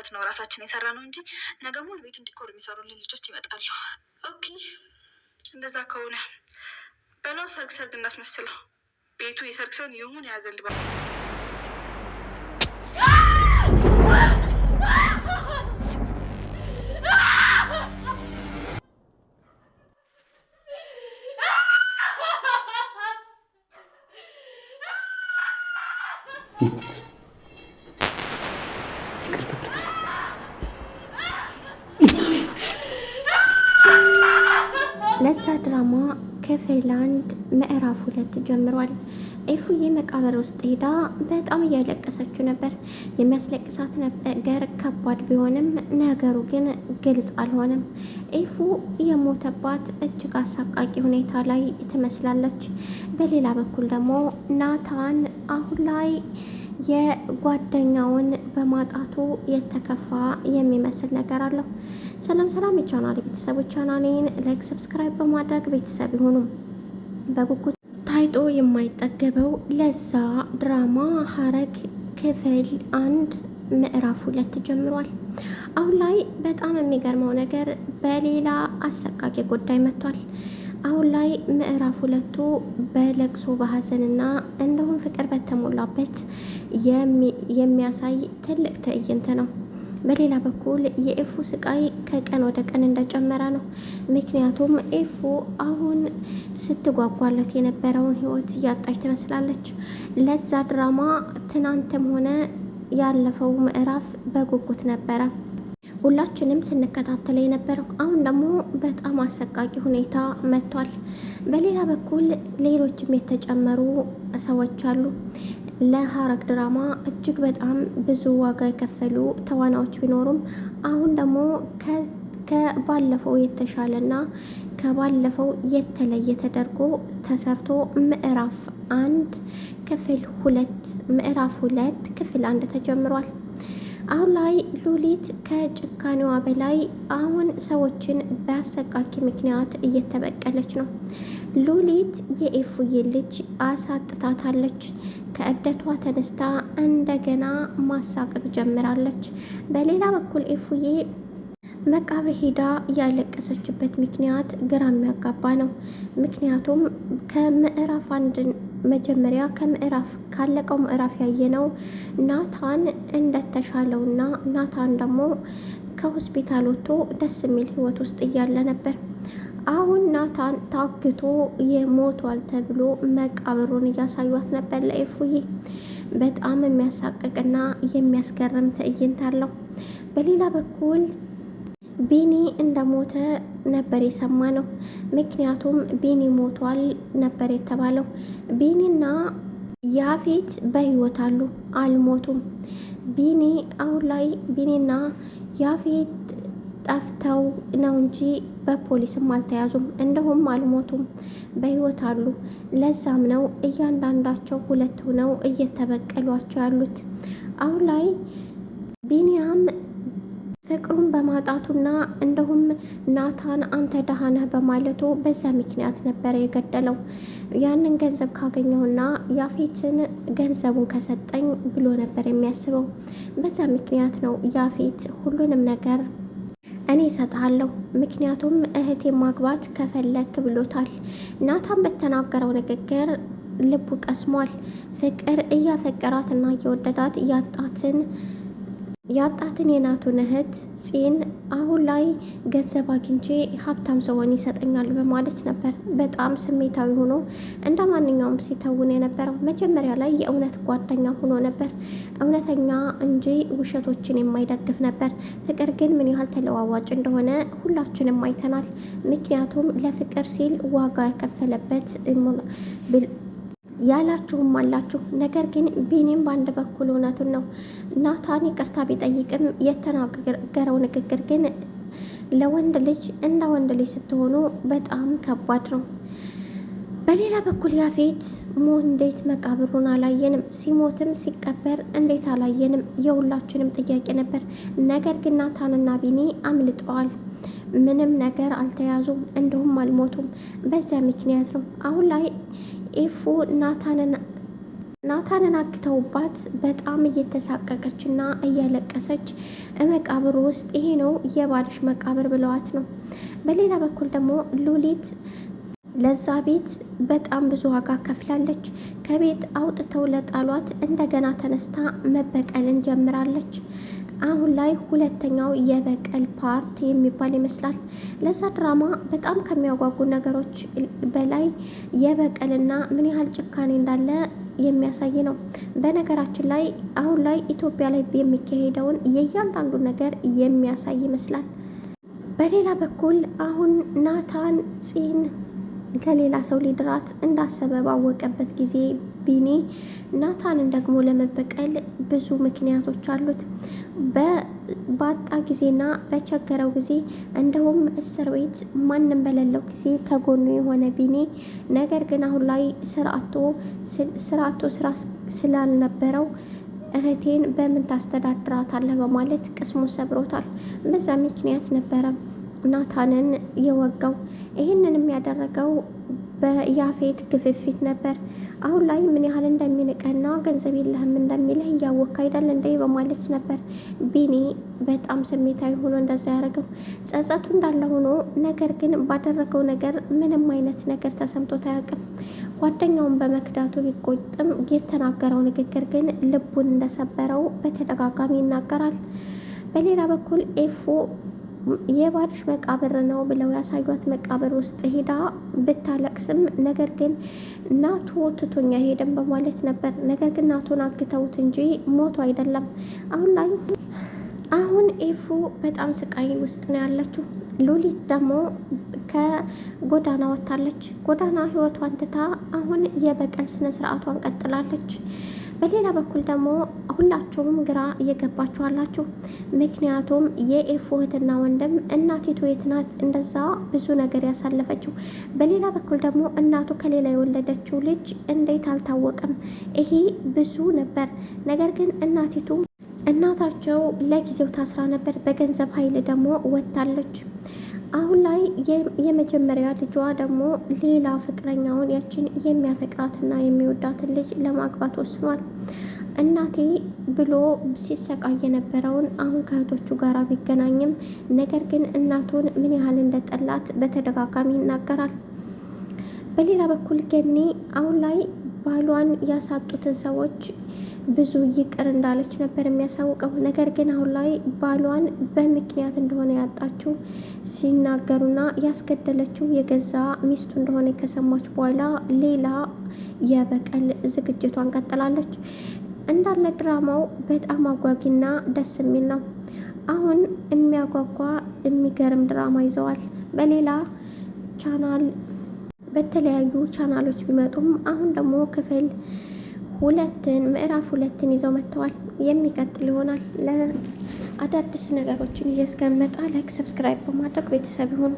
ስለምንኖርበት ነው ራሳችን የሰራ ነው እንጂ ነገ ሙሉ ቤቱን ዲኮር የሚሰሩልን ልጆች ይመጣሉ። ኦኬ፣ እንደዛ ከሆነ በለው ሰርግ ሰርግ እናስመስለው። ቤቱ የሰርግ ሲሆን ይሁን የያዘንድ Thank ah! ለዛ ድራማ ክፍል አንድ ምዕራፍ ሁለት ጀምሯል። ኤፉዬ መቃብር ውስጥ ሄዳ በጣም እያለቀሰችው ነበር። የሚያስለቅሳት ነገር ከባድ ቢሆንም ነገሩ ግን ግልጽ አልሆነም። ኤፉ የሞተባት እጅግ አሳቃቂ ሁኔታ ላይ ትመስላለች። በሌላ በኩል ደግሞ ናታን አሁን ላይ የጓደኛውን በማጣቱ የተከፋ የሚመስል ነገር አለው። ሰላም ሰላም የቻናል ቤተሰቦች ቻናሌን ላይክ ሰብስክራይብ በማድረግ ቤተሰብ ይሁኑ። በጉጉት ታይጦ የማይጠገበው ለዛ ድራማ ሐረግ ክፍል አንድ ምዕራፍ ሁለት ጀምሯል። አሁን ላይ በጣም የሚገርመው ነገር በሌላ አሰቃቂ ጉዳይ መጥቷል። አሁን ላይ ምዕራፍ ሁለቱ በለቅሶ በሀዘንና እንደሁም ፍቅር በተሞላበት የሚያሳይ ትልቅ ትዕይንት ነው። በሌላ በኩል የኤፉ ስቃይ ከቀን ወደ ቀን እንደጨመረ ነው። ምክንያቱም ኤፉ አሁን ስትጓጓለት የነበረውን ህይወት እያጣች ትመስላለች። ለዛ ድራማ ትናንትም ሆነ ያለፈው ምዕራፍ በጉጉት ነበረ ሁላችንም ስንከታተለ የነበረው። አሁን ደግሞ በጣም አሰቃቂ ሁኔታ መጥቷል። በሌላ በኩል ሌሎችም የተጨመሩ ሰዎች አሉ። ለሀረግ ድራማ እጅግ በጣም ብዙ ዋጋ የከፈሉ ተዋናዮች ቢኖሩም አሁን ደግሞ ከባለፈው የተሻለና ከባለፈው የተለየ ተደርጎ ተሰርቶ ምዕራፍ አንድ ክፍል ሁለት ምዕራፍ ሁለት ክፍል አንድ ተጀምሯል። አሁን ላይ ሉሊት ከጭካኔዋ በላይ አሁን ሰዎችን በአሰቃቂ ምክንያት እየተበቀለች ነው። ሉሊት የኤፉዬ ልጅ አሳጥታታለች። ከእብደቷ ተነስታ እንደገና ማሳቀቅ ጀምራለች። በሌላ በኩል ኤፉዬ መቃብር ሄዳ ያለቀሰችበት ምክንያት ግራ የሚያጋባ ነው። ምክንያቱም ከምዕራፍ አንድ መጀመሪያ ከምዕራፍ ካለቀው ምዕራፍ ያየነው ናታን እንደተሻለው እና ናታን ደግሞ ከሆስፒታል ወጥቶ ደስ የሚል ህይወት ውስጥ እያለ ነበር። አሁን ናታን ታግቶ የሞቷል ተብሎ መቃብሩን እያሳዩት ነበር ለኤፉዬ። በጣም የሚያሳቅቅና የሚያስገርም ትዕይንት አለው። በሌላ በኩል ቢኒ እንደሞተ ነበር የሰማ ነው። ምክንያቱም ቢኒ ሞቷል ነበር የተባለው። ቢኒና ያፌት በህይወት አሉ፣ አልሞቱም። ቢኒ አሁን ላይ ቢኒና ያፌት ጠፍተው ነው እንጂ በፖሊስም አልተያዙም፣ እንደሁም አልሞቱም፣ በህይወት አሉ። ለዛም ነው እያንዳንዳቸው ሁለት ሆነው እየተበቀሏቸው ያሉት። አሁን ላይ ቢኒያም ፍቅሩን በማጣቱና እንደሁም ናታን አንተ ደሃ ነህ በማለቱ በዛ ምክንያት ነበረ የገደለው። ያንን ገንዘብ ካገኘውና ያፌትን ገንዘቡን ከሰጠኝ ብሎ ነበር የሚያስበው። በዛ ምክንያት ነው ያፌት ሁሉንም ነገር እኔ እሰጥሃለሁ፣ ምክንያቱም እህቴ ማግባት ከፈለክ ብሎታል። ናታን በተናገረው ንግግር ልቡ ቀስሟል። ፍቅር እያፈቀራትና እየወደዳት ያጣትን ያጣትን የናቱን እህት ፂን አሁን ላይ ገንዘብ አግኝቼ ሀብታም ሰሆን ይሰጠኛል በማለት ነበር በጣም ስሜታዊ ሆኖ እንደ ማንኛውም ሲተውን የነበረው። መጀመሪያ ላይ የእውነት ጓደኛ ሆኖ ነበር፣ እውነተኛ እንጂ ውሸቶችን የማይደግፍ ነበር። ፍቅር ግን ምን ያህል ተለዋዋጭ እንደሆነ ሁላችንም አይተናል። ምክንያቱም ለፍቅር ሲል ዋጋ የከፈለበት ያላችሁም አላችሁ። ነገር ግን ቢኒም በአንድ በኩል እውነቱን ነው። ናታን ይቅርታ ቢጠይቅም የተናገረው ንግግር ግን ለወንድ ልጅ እንደ ወንድ ልጅ ስትሆኑ በጣም ከባድ ነው። በሌላ በኩል ያፌት ሞት እንዴት መቃብሩን አላየንም? ሲሞትም ሲቀበር እንዴት አላየንም? የሁላችንም ጥያቄ ነበር። ነገር ግን ናታንና ቢኒ አምልጠዋል። ምንም ነገር አልተያዙም፣ እንዲሁም አልሞቱም። በዚያ ምክንያት ነው አሁን ላይ ኤፉ ናታንን አግተውባት በጣም እየተሳቀቀች እና እያለቀሰች መቃብር ውስጥ ይሄ ነው የባልሽ መቃብር ብለዋት ነው። በሌላ በኩል ደግሞ ሉሊት ለዛ ቤት በጣም ብዙ ዋጋ ከፍላለች። ከቤት አውጥተው ለጣሏት እንደገና ተነስታ መበቀልን ጀምራለች። አሁን ላይ ሁለተኛው የበቀል ፓርት የሚባል ይመስላል። ለዛ ድራማ በጣም ከሚያጓጉ ነገሮች በላይ የበቀልና ምን ያህል ጭካኔ እንዳለ የሚያሳይ ነው። በነገራችን ላይ አሁን ላይ ኢትዮጵያ ላይ የሚካሄደውን የእያንዳንዱ ነገር የሚያሳይ ይመስላል። በሌላ በኩል አሁን ናታን ጺን ከሌላ ሰው ሊድራት እንዳሰበ ባወቀበት ጊዜ ቢኒ ናታንን ደግሞ ለመበቀል ብዙ ምክንያቶች አሉት። ባጣ ጊዜና በቸገረው ጊዜ እንደውም እስር ቤት ማንም በሌለው ጊዜ ከጎኑ የሆነ ቢኒ ነገር ግን አሁን ላይ ስርአቶ ስራ ስላልነበረው እህቴን በምን ታስተዳድራታለህ በማለት ቅስሙ ሰብሮታል። በዛ ምክንያት ነበረ ናታንን የወጋው። ይህንን የሚያደረገው በያፌት ግፍፊት ነበር። አሁን ላይ ምን ያህል እንደሚንቀና ገንዘብ የለህም እንደሚልህ እያወካ ሄዳል እንደ በማለት ነበር ቢኒ በጣም ስሜታዊ ሆኖ እንደዛ ያደረገው። ጸጸቱ እንዳለ ሆኖ ነገር ግን ባደረገው ነገር ምንም አይነት ነገር ተሰምቶት አያውቅም። ጓደኛውን በመክዳቱ ቢቆጥም የተናገረው ንግግር ግን ልቡን እንደሰበረው በተደጋጋሚ ይናገራል። በሌላ በኩል ኤፎ የባልሽ መቃብር ነው ብለው ያሳዩት መቃብር ውስጥ ሄዳ ብታለቅስም ነገር ግን ናቱ ትቶኛ ሄደን በማለት ነበር። ነገር ግን ናቱን አግተውት እንጂ ሞቱ አይደለም። አሁን ላይ አሁን ኤፉ በጣም ስቃይ ውስጥ ነው ያለችው። ሉሊት ደግሞ ከጎዳና ወጥታለች። ጎዳና ህይወቷን ትታ አሁን የበቀል ስነ ስርዓቷን ቀጥላለች። በሌላ በኩል ደግሞ ሁላችሁም ግራ እየገባችሁ አላችሁ። ምክንያቱም የኤፉ እህትና ወንድም እናቲቱ የት ናት? እንደዛ ብዙ ነገር ያሳለፈችው። በሌላ በኩል ደግሞ እናቱ ከሌላ የወለደችው ልጅ እንዴት አልታወቀም? ይሄ ብዙ ነበር። ነገር ግን እናቲቱ እናታቸው ለጊዜው ታስራ ነበር፣ በገንዘብ ኃይል ደግሞ ወጥታለች። አሁን ላይ የመጀመሪያ ልጇ ደግሞ ሌላ ፍቅረኛውን ያችን የሚያፈቅራትና የሚወዳትን ልጅ ለማግባት ወስኗል። እናቴ ብሎ ሲሰቃይ የነበረውን አሁን ከእህቶቹ ጋር ቢገናኝም ነገር ግን እናቱን ምን ያህል እንደጠላት በተደጋጋሚ ይናገራል። በሌላ በኩል ገኒ አሁን ላይ ባሏን ያሳጡትን ሰዎች ብዙ ይቅር እንዳለች ነበር የሚያሳውቀው። ነገር ግን አሁን ላይ ባሏን በምክንያት እንደሆነ ያጣችው ሲናገሩና ያስገደለችው የገዛ ሚስቱ እንደሆነ ከሰማች በኋላ ሌላ የበቀል ዝግጅቷን ቀጥላለች። እንዳለ ድራማው በጣም አጓጊና ደስ የሚል ነው። አሁን የሚያጓጓ የሚገርም ድራማ ይዘዋል። በሌላ ቻናል በተለያዩ ቻናሎች ቢመጡም አሁን ደግሞ ክፍል ሁለትን ምዕራፍ ሁለትን ይዘው መጥተዋል። የሚቀጥል ይሆናል። ለአዳዲስ ነገሮችን ይዤ እስከምመጣ ላይክ፣ ሰብስክራይብ በማድረግ ቤተሰብ ይሁኑ።